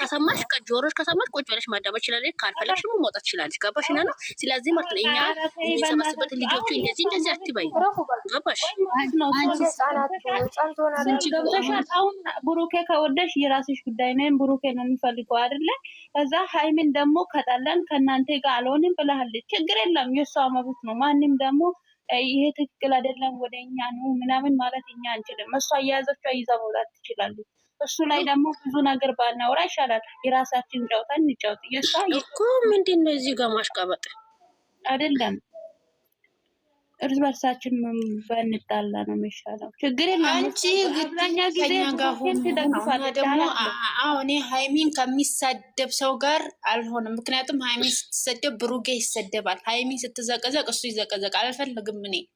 ከሰማሽ ከጆሮሽ ከሰማሽ ቁጭ ብለሽ ማዳመጥ ይችላል። ካልፈለግሽ ደግሞ መውጣት ይችላል። ገባሽ? ነው ስለዚህ ማለት ነው እኛ የሚሰበስበት ልጆቹ እንደዚህ እንደዚህ አትበይ። ገባሽ? አሁን ብሩኬ ከወደሽ የራስሽ ጉዳይ ነው። ብሩኬ ነው የሚፈልገው አይደለ? ከዛ ሀይሚን ደግሞ ከጠለን ከእናንተ ጋር አልሆንም ብለሃል። ችግር የለም የእሷ መብት ነው። ማንም ደግሞ ይሄ ትክክል አይደለም ወደ እኛ ነው ምናምን ማለት እኛ አንችልም። እሷ እየያዘችው ይዛ መውጣት ትችላለች። እሱ ላይ ደግሞ ብዙ ነገር ባናወራ ይሻላል። የራሳችን ጨውተን እንጫወት። እየሷ እኮ ምንድን ነው እዚህ ጋር ማሽቃበጥ አይደለም። እርስ በርሳችን በንጣላ ነው የሚሻለው። ችግር አንቺ ግኛ ጊዜ ደግሞ እኔ ሀይሚን ከሚሳደብ ሰው ጋር አልሆነም። ምክንያቱም ሀይሚን ስትሰደብ ብሩጌ ይሰደባል። ሀይሚን ስትዘቀዘቅ እሱ ይዘቀዘቅ አልፈልግም እኔ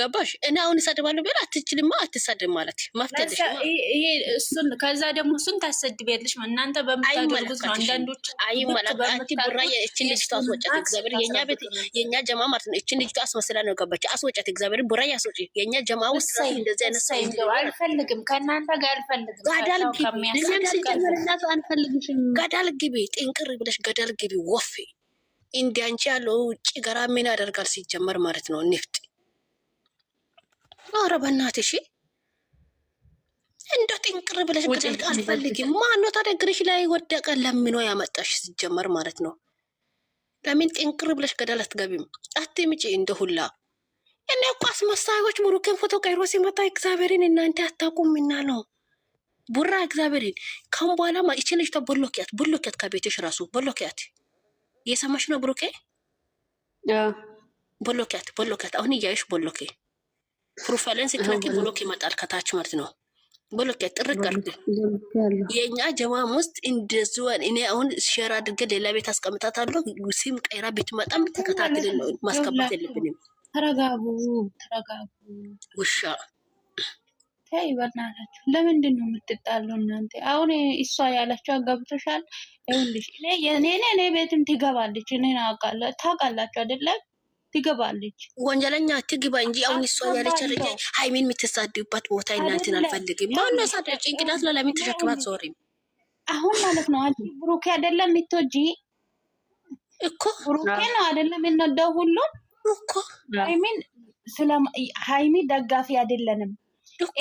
ገባሽ? እኔ አሁን እሰድባለሁ ብላ አትችልማ፣ አትሰድብ ማለት መፍትሄ። እሱን ከዛ ደግሞ እሱን ታሰድቢያለሽ። እናንተ በምታደርጉት ነው። አንዳንዶች አይመለከት ቡራ እችን ልጅ አስወጫት እግዚአብሔር። የኛ ቤት የኛ ጀማ ማለት ነው። እችን ልጅ አስመስላ ነው ገባች። አስወጫት እግዚአብሔር፣ ቡራ ያስወጪ። የኛ ጀማ ውስጥ እንደዚህ አይነት ሰው አልፈልግም፣ ከእናንተ ጋር አልፈልግም። ጋዳል ግቢ፣ ሲጀመርናቱ አንፈልግሽም። ጋዳል ግቢ፣ ጥንቅር ብለሽ ጋዳል ግቢ። ወፌ እንዲያንቺ ያለው ውጭ ገራ ምን ያደርጋል ሲጀመር ማለት ነው ንፍጥ ኧረ በእናትሽ እንደ ጥንቅር ብለሽ ቅጥልቅ አልፈልግም። ማነው ታዲያ እግርሽ ላይ ወደቀ ለምኖ ያመጣሽ? ሲጀመር ማለት ነው። ለምን ጥንቅር ብለሽ ገደል አትገቢም? አትምጪ እንደ ሁላ እኔ እኮ አስመሳዮች ብሩኬን ፎቶ ቀይሮ ሲመጣ እግዚአብሔርን እናንተ አታውቁም እና ነው ቡራ እግዚአብሔርን ከም በኋላ ማ ማይቺ ልጅ ተቦሎኪያት ቦሎኪያት ከቤትሽ ራሱ ቦሎኪያት። እየሰማሽ ነው ብሩኬ? ቦሎኪያት ቦሎኪያት። አሁን እያየሽ ቦሎኬ ፕሮፋይልን ስትነኪ ብሎክ ይመጣል ከታች ማለት ነው። ብሎክ ጥርቅ አርግ። የእኛ ጀማም ውስጥ እንደዚን እኔ አሁን ሼር አድርገ ሌላ ቤት አስቀምጣታለሁ። ሲም ቀይራ ብትመጣም ተከታትል ማስገባት የለብንም። ተረጋጉ፣ ተረጋጉ። ውሻ ተይ በናታችሁ። ለምንድን ነው የምትጣሉ እናንተ? አሁን እሷ ያላችሁ አጋብቶሻል። ይኸውልሽ እኔ እኔ እኔ ቤትም ትገባለች። እኔን ታውቃላችሁ አይደለም ትገባለች። ወንጀለኛ ትግባ እንጂ አሁን እሷ ያለች ሀይሜን የምትሳድብባት ቦታ እናንትን አልፈልግም። ማነው ሳደር ጭንቅላት ላይ ተሸክማት ዞሪም አሁን ማለት ነው። አንቺ ብሩኬ አይደለም የምትወጂ እኮ ብሩኬ ነው አይደለም የምንወደው ሁሉም እኮ ሀይሜን ስለ ሀይሜ ደጋፊ አይደለንም።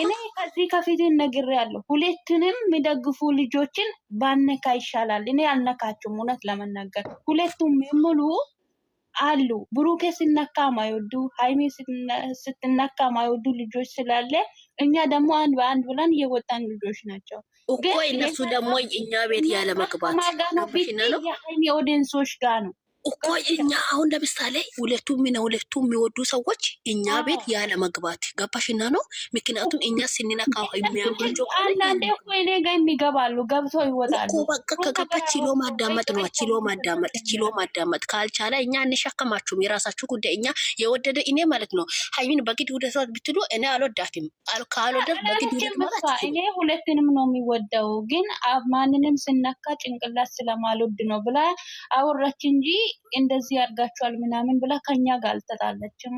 እኔ ከዚህ ከፊት ነግሬያለሁ። ሁለቱንም የሚደግፉ ልጆችን ባነካ ይሻላል። እኔ አልነካችሁም። እውነት ለመናገር ሁለቱም የሚሉ አሉ። ብሩኬ ሲነካ ማይወዱ ሀይሚ ስትነካ ማይወዱ ልጆች ስላለ እኛ ደግሞ አንድ በአንድ ብለን እየወጣን ልጆች ናቸው እኮ እነሱ ደግሞ እኛ ቤት ያለመግባት መግባት ማጋ ነው የሀይሚ ኦዲየንሶች ጋር ነው እኮ እኛ አሁን ለምሳሌ ሁለቱ ነው ሁለቱ የሚወዱ ሰዎች እኛ ቤት ያለ መግባት ገባሽና ነው። ምክንያቱም እኛ ስንነካ የሚያምራቸው አንዳንዴ እኔ ጋ የሚገባሉ ገብቶ ይወጣሉ። በቃ ከገባ ችሎ ማዳመጥ ነው። ችሎ ማዳመጥ ችሎ ማዳመጥ ካልቻለ እኛ እንሸከማችሁም። የራሳችሁ ጉዳይ። እኛ የወደደ እኔ ማለት ነው ሀይሚን በግድ ውደቷት ብትሉ እኔ አልወዳትም። ካልወደድ በግድ ውደት ማለት እኔ ሁለትንም ነው የሚወደው ግን ማንንም ስነካ ጭንቅላት ስለማልወድ ነው ብላ አወራች እንጂ እንደዚህ ያርጋችኋል ምናምን ብላ ከኛ ጋር አልተጣለችም።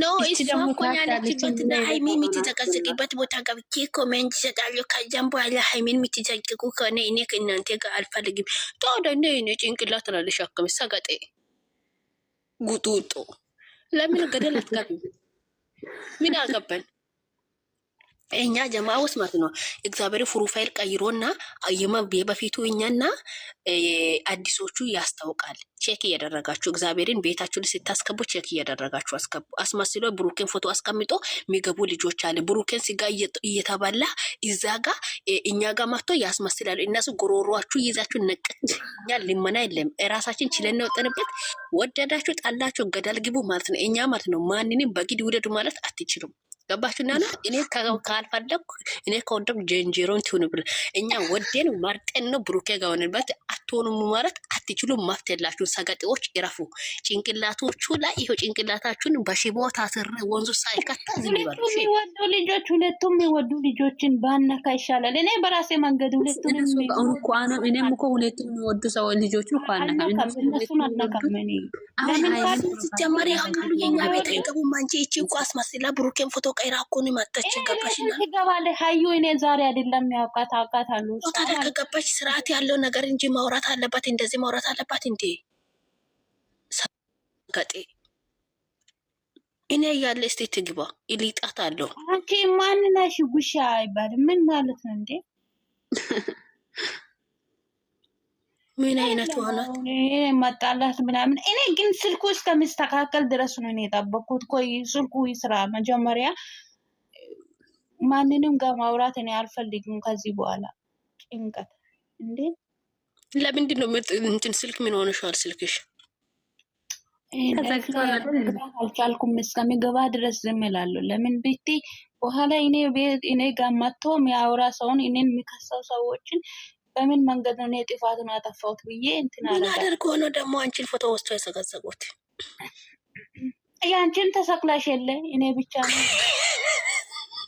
ኖ እሷ እኮ ያለችበትና ሀይሚን የምትዘቀዝቅበት ቦታ ገብቼ ኮሜንት ይሰጣለሁ። ከዚያም በኋላ ሀይሚን የምትዘቅዝቁ ከሆነ እኔ ከእናንተ ጋር አልፈልግም። ጦደ ጦደነ ኔ ጭንቅላ ናለሽ አከም ሰገጤ ጉጡጡ ለምን ገደል አትጋቢ? ምን አገባን? እኛ ጀማ ውስጥ ማለት ነው እግዚአብሔር ፕሮፋይል ቀይሮና የበፊቱ እኛና አዲሶቹ ያስታውቃል። ቼክ እያደረጋችሁ እግዚአብሔርን ቤታችሁን ስታስገቡ ቼክ እያደረጋችሁ አስከቡ። አስመስሎ ብሩኬን ፎቶ አስቀምጦ የሚገቡ ልጆች አለ። ብሩኬን ሲጋ እየተባላ እዛ ጋ እኛ ጋ ማቶ ያስመስላሉ። እነሱ ጎሮሯችሁ ይዛችሁ ነቀች። እኛ ልመና የለም ራሳችን ችለን ወጠንበት። ወደዳችሁ ጣላችሁ ገደል ግቡ ማለት ነው። እኛ ማለት ነው ማንንም በግድ ውደዱ ማለት አትችሉም። ገባችሁ? እና እኔ ካልፈለኩ እኔ ከወንድም ጀንጀሮን ትሆኑ ብለ እኛ ወደን መርጤን ነው ብሩኬ ጋር ሆነንበት አትሆኑም ማለት አትችሉ። መፍት ሰገጤዎች ይረፉ። ጭንቅላቶቹ ላይ ይሄው ጭንቅላታችሁን በሽቦ ታስር ወንዙ ሳይከታ ዝም ልጆች ሁለቱም የወዱ ልጆችን ባነካ ይሻላል። እኔ በራሴ መንገድ ሁለቱም እኔም እኮ ሁለቱም የሚወዱ ሰው ልጆች እኮ አነካእነሱን አነካም ኔ ለምን ሲጀመሪ አካሉ የኛ ቤት አይገቡም። አንቺ ይቺ እኳ አስመስላ ብሩኬን ፎቶ ቀይራ እኮ ነው የማጣች። ገባሽ? ትገባለህ ሀዩ እኔ ዛሬ አይደለም ያውቃት አጋጣሚ ታደርግ። ገባሽ? ስርዓት ያለው ነገር እንጂ ማውራት አለባት። እንደዚህ ማውራት አለባት እንዴ ገጤ እኔ እያለ እስቲ ትግባ ይሊጣት አለው። አንቺ ማንናሽ ጉሻ አይባልም። ምን ማለት ነው እንዴ? ምን አይነት ሆናት መጣላት ምናምን። እኔ ግን ስልኩ እስከሚስተካከል ድረስ ነው እኔ የጠበኩት። ቆይ ስልኩ ይስራ መጀመሪያ። ማንንም ጋር ማውራት እኔ አልፈልግም ከዚህ በኋላ ጭንቀት። እንዴ ለምንድን ነው እንትን ስልክ ምን ሆነሻል? ስልክሽ አልቻልኩም። እስከሚገባ ድረስ ዝም እላለሁ። ለምን ብቴ በኋላ እኔ ቤት እኔ ጋር መጥቶ የሚያወራ ሰውን እኔን የሚከሰው ሰዎችን በምን መንገድ ነው እኔ ጥፋቱን ያጠፋሁት ብዬ እንትን ምን አድርጎ ነው ደግሞ አንቺን ፎቶ ወስቶ የሰገሰጉት ያንቺን ተሰቅላሽ የለ እኔ ብቻ ነው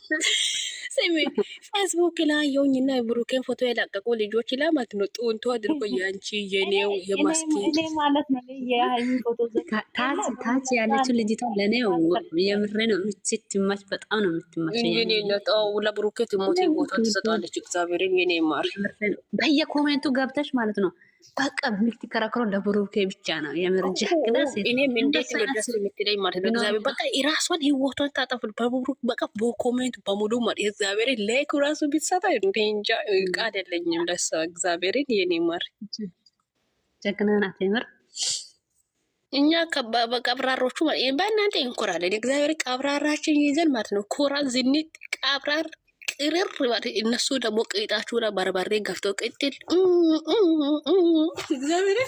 ስሚ ፌስቡክ ላይ የውኝና የብሩኬን ፎቶ የለቀቁ ልጆች ላይ ማለት ነው። ጡንቶ አድርጎ የአንቺ የኔው የማስኬት ታች ያለችው ልጅቷ ለእኔ የምሬ ነው ስትመች፣ በጣም ነው የምትመች። ለብሩኬ ትሞቴ ቦታ ትሰጣለች። እግዚአብሔርን የኔ ማር በየኮሜንቱ ገብተሽ ማለት ነው በቃ የምትከራከረው ለብሩኬ ብቻ ነው። የምርጅ ህግና እኔም እንዴት ነው ደስ የምትለኝ ማለት ነው። እግዚአብሔር በቃ የራሷን ህይወቷን ታጠፉል። በብሩክ በቃ በኮሜንት በሙሉ ማለት እግዚአብሔር ላይክ ራሱ ቢሰጣ እንጃ እቃ አይደለኝም ለሷ እግዚአብሔርን የኔ ማር ጀግና ናት የምር እኛ ቀብራሮቹ በእናንተ እንኮራለን። እግዚአብሔር ቀብራራችን ይዘን ማለት ነው። ኮራ ዝኒት ቀብራር ቅርር እነሱ ደግሞ ቅጣችሁና በርበሬ ገፍቶ ቅጥል እግዚአብሔር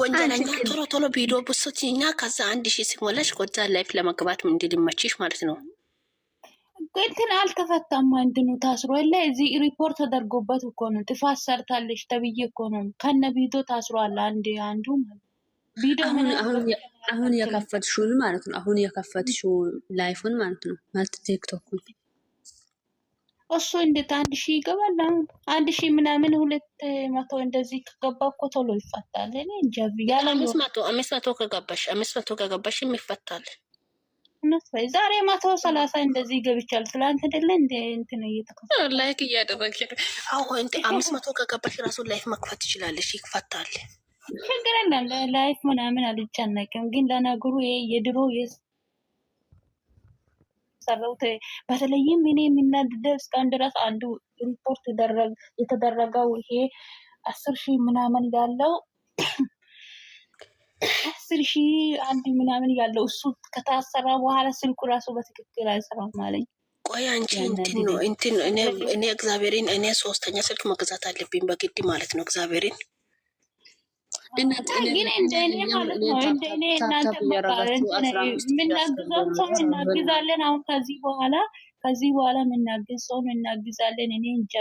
ወንጀለኛ ቶሎ ቶሎ ቪዲዮ ብሶች እኛ ከዛ አንድ ሺህ ሲሞላሽ ከዛ ላይፍ ለመግባት እንዲልመችሽ ማለት ነው። እንትን አልተፈታም። አንድኑ ታስሮ የለ እዚህ ሪፖርት ተደርጎበት እኮ ነው። ጥፋት ሰርታለች ተብዬ እኮ ነው። ከነ ቪዲዮ ታስሯል። አንድ አንዱ ማለት አሁን የከፈትሽውን ማለት ነው። አሁን የከፈትሽው ላይፉን ማለት ነው ማለት ቲክቶኩን እሱ እንዴት አንድ ሺ ይገባል? አሁን አንድ ሺ ምናምን ሁለት መቶ እንደዚህ ከገባ እኮ ቶሎ ይፈታል። እኔ እንጃ ያለ አምስት መቶ ከገባሽ አምስት መቶ ከገባሽ ይፈታል። ዛሬ መቶ ሰላሳ እንደዚህ ገብቻል። ትላንት አይደለ እንደ እንትን እየተከፈተ ላይክ እያደረግሽ አሁን አምስት መቶ ከገባሽ ራሱ ላይፍ መክፈት ትችላለሽ። ይፈታል። ይቸግረናል። ላይፍ ምናምን አልጨነቅም፣ ግን ለነገሩ የድሮ የሰራሁት በተለይም እኔ የሚናድደው እስካሁን ድረስ አንዱ ሪፖርት የተደረገው ይሄ አስር ሺህ ምናምን ያለው አስር ሺህ አንድ ምናምን ያለው እሱ ከታሰራ በኋላ ስልኩ ራሱ በትክክል አይሰራም ማለኝ። ቆይ አንቺ እንትን ነው እንትን ነው እኔ እግዚአብሔርን እኔ ሶስተኛ ስልክ መግዛት አለብኝ በግድ ማለት ነው እግዚአብሔርን ግን እንደኔ ማለት ነው እንደኔ እናንተ የምናግዘው እናግዛለን። አሁን ከዚህ በኋላ ከዚህ በኋላ የምናግዝ እናግዛለን። እኔ ብቻ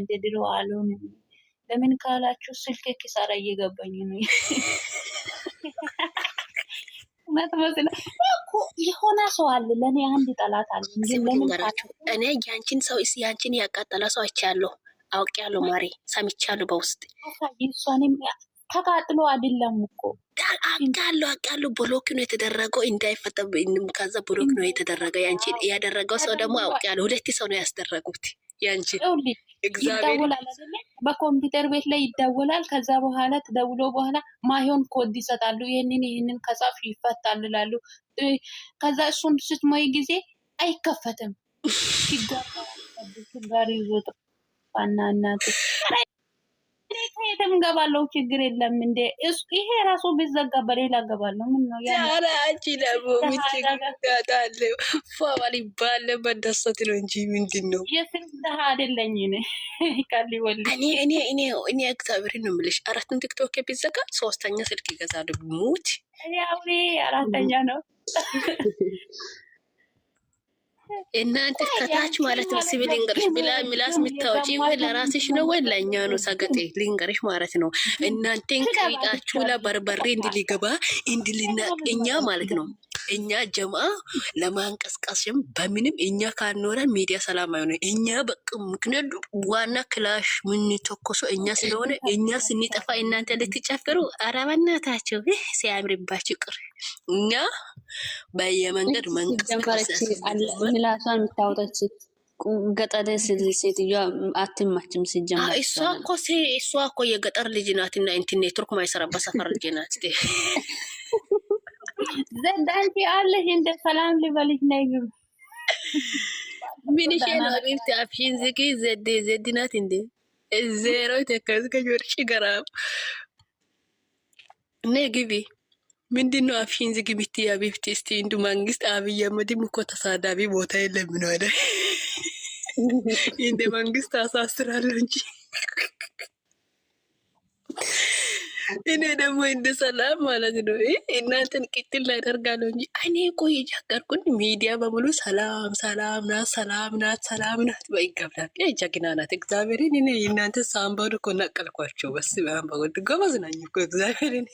እንደ ድሮ ለምን ካላችሁ ስልክ ኪሳራ እየገባኝ ነው። የሆነ ሰው አለ ለእኔ አንድ ጠላት አለ። እኔ ያንቺን ሰው ያንቺን ያቃጠለ ሰው አይቻለሁ፣ አውቄያለሁ፣ ማሬ ሰምቻለሁ በውስጥ ተቃጥሎ አይደለም እኮ አውቃለሁ አውቃለሁ። ብሎክ ነው የተደረገው እንዳይፈተ ከዛ ብሎክ ነው የተደረገው። ያንቺ ያደረገው ሰው ደግሞ አውቅ ያለ ሁለት ሰው ነው ያስደረጉት። ያንቺ ይደወላል በኮምፒውተር ቤት ላይ ይደውላል። ከዛ በኋላ ተደውሎ በኋላ ማይሆን ኮድ ይሰጣሉ። ይህንን ይህንን ከጻፍ ይፈታል ይላሉ። ከዛ እሱን ስትሞይ ጊዜ አይከፈትም ሲጓ ጋር ይዞጥ ዋና እናት የትም ገባለው ችግር የለም። እንደ ይሄ ራሱ ቢዘጋ በሌላ ገባለሁ። ምን ነው ኧረ አንቺ ደግሞ ምትጋጣለው ፏዋል ይባለ መደሰት ነው እንጂ ምንድን ነው የስምድሃ አደለኝ ቃል ወል እኔ እግዚአብሔር ነው የምልሽ። አራትን ቲክቶክ ቢዘጋ ሶስተኛ ስልክ ይገዛል። ሙት ያው አራተኛ ነው እናንተ ከታች ማለት ነው። ስሚ ልንገርሽ፣ ብላ ሚላስ የምታወጪ ወይ ለራስሽ ነው ወይ ለእኛ ነው? ሰገጤ ልንገርሽ ማለት ነው። እናንተን ቀይጣችሁ ለበርበሬ እንድሊገባ እንድልናቅ እኛ ማለት ነው። እኛ ጀማ ለማንቀስቀስም በምንም እኛ ካልኖረን ሚዲያ ሰላም አይሆነ። እኛ በቅ ምክንያቱ ዋና ክላሽ ምንተኮሶ እኛ ስለሆነ እኛ ስንጠፋ እናንተ ልትጨፍሩ አረበናታቸው ሲያምርባቸው ቅር እኛ በየመንገድ መንቀሳቀስ ምላሷን የምታወጣች ገጠር ሴትዮዋ አትማችም። ሲጀመር እሷ እኮ እሷ እኮ የገጠር ልጅ ናት እና እንትን ኔትወርክ ማይሰራበት ሰፈር ልጅ ናት። ዘዳንቲ አንቺ አለሽ እንደ ሰላም ልበልሽ ነይሩ ምን ሸና ቢብቲ አፍሽን ዝጊ። ዘዴ ዘዲ ናት እንዴ ዜሮ ተከዝከ ጆርሽ ገራም ነ ግቢ ምንድነው አፍሽን ዝግቢ እስቲ አቤብቴ እስቲ እንዱ መንግስት አብይ አህመድም እኮ ተሳዳቢ ቦታ የለም ነው አይደል? እንደ መንግስት አሳስራለሁ እንጂ እኔ ደግሞ እንደ ሰላም ማለት ነው እናንተን ቅጥል ላደርጋለሁ እንጂ እኔ እኮ የጃገርኩን ሚዲያ በሙሉ ሰላም ሰላም ናት፣ ሰላም ናት፣ ሰላም ናት በይገብዳል የጀግና ናት። እግዚአብሔርን እኔ እናንተ ሳምባውን እኮ ነቀልኳቸው። በስ በወድ ጎበዝ ናኝ እኮ እግዚአብሔርን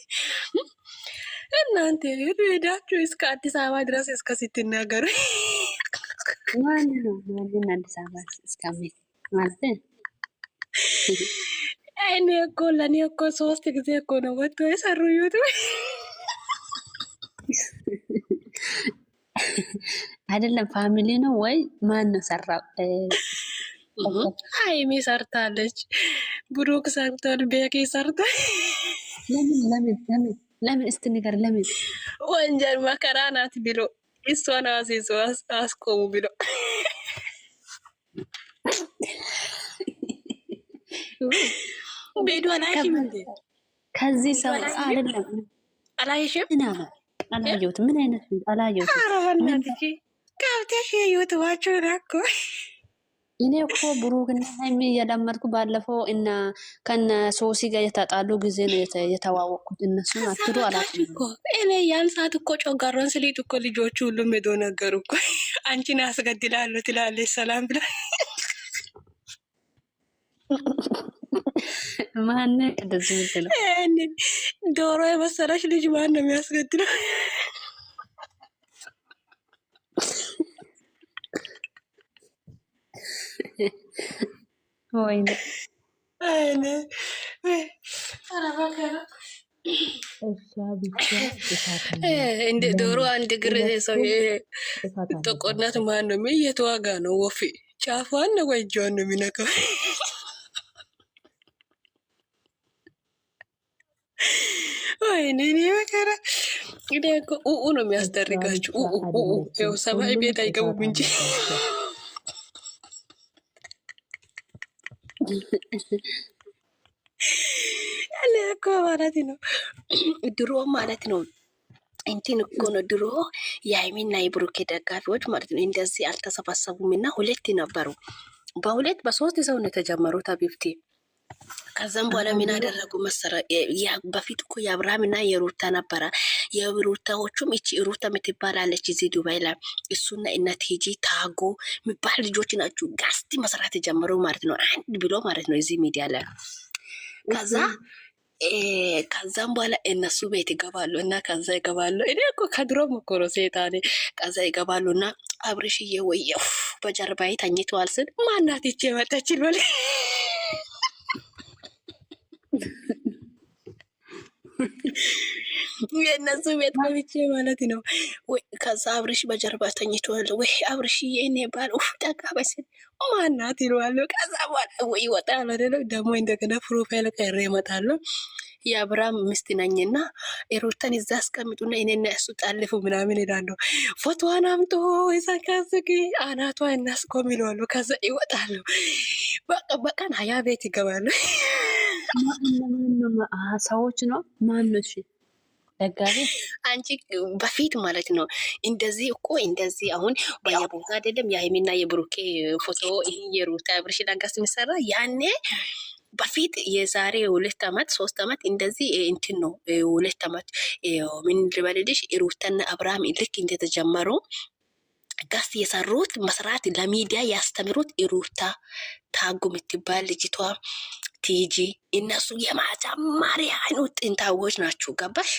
እናንተ ሄዳችሁ እስከ አዲስ አበባ ድረስ እስከ ስትናገሩ አዲስ አበባ እኔ እኮ ለእኔ እኮ ሶስት ጊዜ እኮ ነው ወጥቶ የሰሩ ዩቱ አይደለም ፋሚሊ ነው ወይ ማን ነው ሰራ? ሀይሚ ሰርታለች፣ ብሩክ ሰርቷል፣ ቤኪ ሰርቷል። ለምን ለምን ለምን ለምን እስቲ ነገር ለምን ወንጀል መከራ ናት ብሎ እሷን አሲሶ አስቆሙ ብሎ ቤዷን አይሽም እንዴ? ከዚህ ሰው አይደለም አላየሽም? አላየሁት። ምን አይነት አላየሁት። ኧረ በእናትሽ ገብተሽ እኔ እኮ ብሩክና ሀይሚ እየለመድኩ ባለፈው እና ከነ ሶሲ ጋር የተጣሉ ጊዜ ነው የተዋወቅኩት። እነሱን አትዱ እኔ ያን ሰዓት እኮ ጮጋሮን ስሌት እኮ ልጆቹ ሁሉም ሄዶ ነገሩ እኮ አንቺን ያስገድላሉ ትላለች ሰላም ብላ ማነ ቅደስ ምትለው ዶሮ የመሰለች ልጅ ማን ነው የሚያስገድለው? ወይኔ እንደ ዶሮ አንድ እግር ሰው ጥቁርነት ማን ነው? የት ዋጋ ነው? ወፊ ጫፏን ነው ወይ እጇን ነው የሚነካው? ወይኔ እኔ መከራ እኔ እኮ ኡኡ ነው የሚያስደርጋችሁ። ኡኡ ሰማይ ቤት አይገቡም እንጂ ያለ እኮ ማለት ነው ድሮ ማለት ነው እንትን እኮ ነው ድሮ የሃይሚና የብሩኬ ደጋፊዎች ማለት ነው እንደዚህ አልተሰባሰቡም እና ሁለት ነበሩ። በሁለት በሶስት ሰው ነው የተጀመሩት አቢብቲ ከዛም በኋላ ምን አደረጉ መሰረ በፊት እኮ የአብርሃም እና የሩታ ነበረ። የሩታዎቹም እቺ ሩታ የምትባላለች እዚህ ዱባይ ላይ እሱና እነት ሄጂ ታጎ የሚባል ልጆች ናቸው። ጋስቲ መስራት የጀመሩ ማለት ነው፣ አንድ ብሎ ማለት ነው እዚህ ሚዲያ ላይ ከዛ ከዛም በኋላ እነሱ ቤት ይገባሉ እና ከዛ ይገባሉ። እኔ እኮ ከድሮ ምኮሮ ነው ሴታኔ። ከዛ ይገባሉ እና አብርሽዬ ወየው በጀርባዬ ተኝተዋል ስል ማናት ይቼ መጠችል በል የእነሱ ቤት ገብቼ ማለት ነው። ወይ ከዛ አብርሽ በጀርባ ተኝተዋል። ወይ አብርሽ የኔ ባል ጠጋ በስል ማናት ይለዋለሁ። ከዛ በኋላ ወይ ይወጣል አይደለም። ደግሞ እንደገና ፕሮፋይል ቀይሬ እመጣለሁ። የአብርሃም ሚስት ነኝና ሩታን እዛ አስቀምጡና እኔና እሱ ጣልፉ ምናምን ይላሉ። ፎቶዋን አምጦ የሳካስግ አናቷ እናስቆም ይለዋሉ። ከዛ ይወጣሉ። በቀን ሀያ ቤት ይገባሉ። ሰዎች ነው ማነው? እሺ ደጋፊ አንቺ በፊት ማለት ነው እንደዚህ እኮ እንደዚህ አሁን በየቦታ አይደለም የሃይሚና የብሩኬ ፎቶ ይህ የሩታ ብርሽ ዳጋስ የሚሰራ ያኔ በፊት የዛሬ ሁለት አመት ሶስት አመት እንደዚህ እንትን ነው። ሁለት አመት ምን ልበልልሽ ሩታና አብርሃም ልክ እንደተጀመሩ ጋስ የሰሩት መስራት ለሚዲያ ያስተምሩት ሩታ ታጉ የምትባል ልጅቷ ቲጂ እነሱ የማጨማሪ አይነት ጥንታዎች ናቸው። ገባሽ?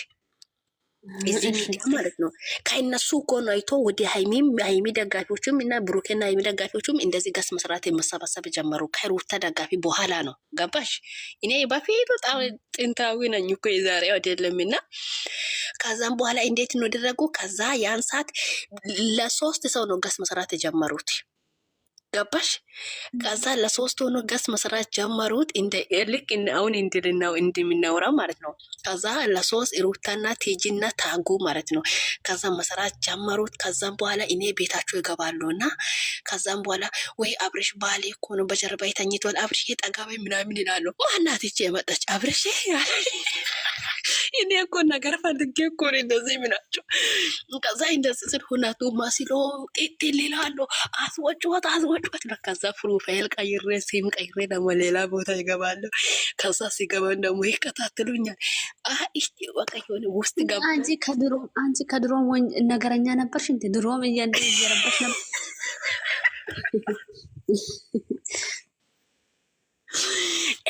እዚህ ሚዲያ ማለት ነው። ከእነሱ ጎን አይቶ ወደ ሀይሚም ሀይሚ ደጋፊዎችም እና ብሩኬና ሀይሚ ደጋፊዎችም እንደዚህ ጋስ መስራት የመሰባሰብ ጀመሩ። ከሩታ ደጋፊ በኋላ ነው። ገባሽ? እኔ በፊት በጣም ጥንታዊ ነኝ እኮ የዛሬ አይደለም። እና ከዛም በኋላ እንዴት ነው ደረጉ? ከዛ ያን ሰዓት ለሶስት ሰው ነው ጋስ መስራት የጀመሩት። ገባሽ? ከዛ ለሶስት ሆኖ ገስ መስራት ጀመሩት። ልክ አሁን እንድልናው እንድምናውራ ማለት ነው። ከዛ ለሶስት ሩታና ቴጂና ታጉ ማለት ነው። ከዛ መስራት ጀመሩት። ከዛም በኋላ እኔ ቤታቸው ይገባሉ እና ከዛም በኋላ ወይ አብረሽ ባሌ እኮ ነው በጀርባ የተኝቷል አብረሽ ጠጋባይ ምናምን ይላሉ። ይቼ የመጣች አብረሽ እኔ እኮ ነገር ፈልጌ እኮ ነው እንደዚህ ምናቸው። ከዛ እንደዚህ ስል ሁነቱ ማሲሎ ጤቴ ሌላ አለ አስወጭወት አስወጭወት በከዛ ከዛ ፕሮፋይል ቀይሬ ሲም ቀይሬ ደግሞ ሌላ ቦታ ይገባለሁ። ከዛ ሲገባን ደግሞ ይከታትሉኛል። አይ በቃ የሆነ ውስጥ ገባ። አንቺ ከድሮም ነገረኛ ነበርሽ እንደ ድሮም እያንደ እየረበሽ ነበር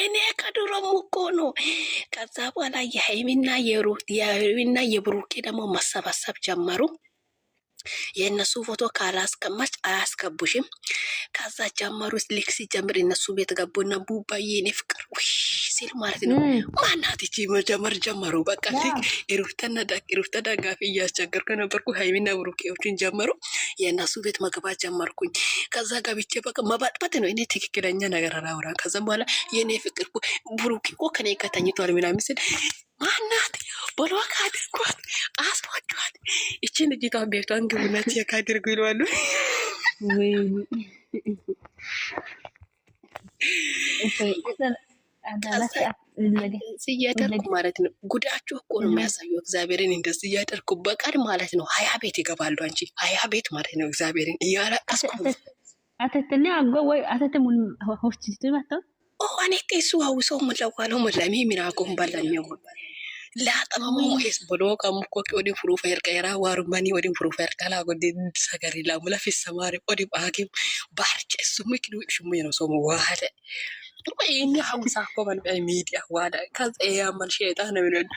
እኔ ከድሮም እኮ ነው። ከዛ በኋላ የሃይሚና የሩት የሃይሚና የብሩኬ ደግሞ መሰባሰብ ጀመሩ። የእነሱ ፎቶ ካላስቀማች አያስገቡሽም። ከዛ ጀመሩ ልክ ሲጀምር እነሱ ቤት ገቡና ቡባዬ የኔ ፍቅር ውይ ሲል ማለት ነው። ማናት ይቺ መጀመር ጀመሩ። በቃ ሩፍተ ደጋፊ እያስቸገርኩ ነበርኩ። ሀይሚና ብሩኬዎችን ጀመሩ። የእነሱ ቤት መግባት ጀመርኩኝ። ከዛ ገብቼ በቃ መባጥበት ነው። እኔ ትክክለኛ ነገር አላወራም። ከዛ በኋላ የእኔ ፍቅር ብሩኬ እኮ ከኔ ከተኝቷል ምናምን ስል ማናት ቦሎክ አድርጓት አስቧቸዋት። ይችን እጅቷን ቤቷን ግቡና የካድርጉ ይለዋሉ። እያደርጉ ማለት ነው። ጉዳችሁ እኮ ነው የሚያሳየው። እግዚአብሔርን እንደዚህ እያደርጉ በቀን ማለት ነው ሀያ ቤት ይገባሉ። አንቺ ሀያ ቤት ማለት ነው። እግዚአብሔርን እያለቀስኩ አተትና አጎ ወይ አተትሙን ሆስቲቱ መጥተው Ooniteessu haawusoo mul'awwaaloo mul'amee miraaqoon bal'annee laaxamamuu buloo kamukko odin furuuf erga yaraa waarumanii odin furuuf erga laa godin sagarii laa mula fissa maari odin baakee baarceessu mikinu shummuu yeroo soomu waada. inni kan koban miidiyaa waadhaa kan xeeyyaman sheexaana biroon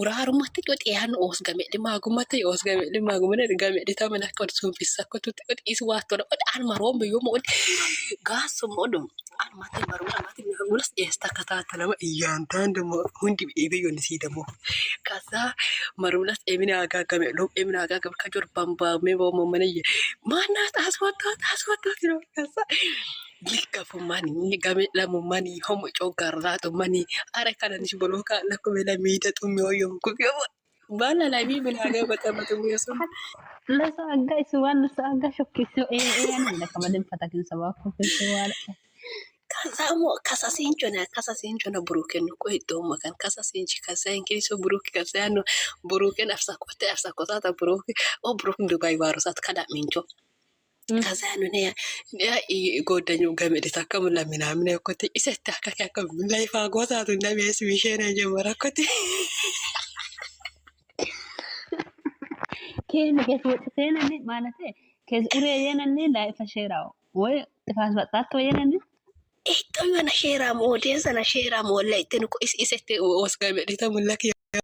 uraarumatti qoxeeyyan oosgame dhimaagumatti oosgame dhimaagumatti dhigame dhitamani akka ol suunfissa akka tutti qoxiis waattola qod almaroon biyyooma qod gaasuma odum almatti maroo almatti gulas dhiyeesta akka taattanama iyyaantaan demo hundi bidhee biyyoon isii demo kasaa maruulas emina agaagame lom emina agaagame ka jorban baamee boomammanayye maannaa taasfattaa taasfattaa jiroo kasaa likkafummanii game homo coggarraatummanii are kananis boloka lakkume lamiite xumme hoyyomkuyowa bala lamii minaaga baxamatumyesun lasa agga isuwan lasa agga shokkisio eeanina kamalin fatakin sabakko fesiwaala kaza mo kasa sincho na kasa sincho na buruke nuko idoma kan kasa sinchi kasa inkiri so buruke kasa no buruke kote nafsa kota ta buruke o buruke dubai warosat kada mincho ከዛ ያን ጎደኙ ገመዴ ታከ ሙላ ምናምን ኮቴ ኢሰት አካኪ አከ ላይፋ ጎታቱ እንደሚያስ ሚሼን ጀመረ ኮቴ ኬን ገት ወጥተነኒ ማለት ከዝኡሬ የነኒ ላይፈ ሼራው ወይ ጥፋስ በጣት ወየነኒ ኢቶ የሆነ ሼራ ሞዴን ሰና ሼራ ሞላ ኢትን ኢሰት ወስገ መዴተ ሙላክ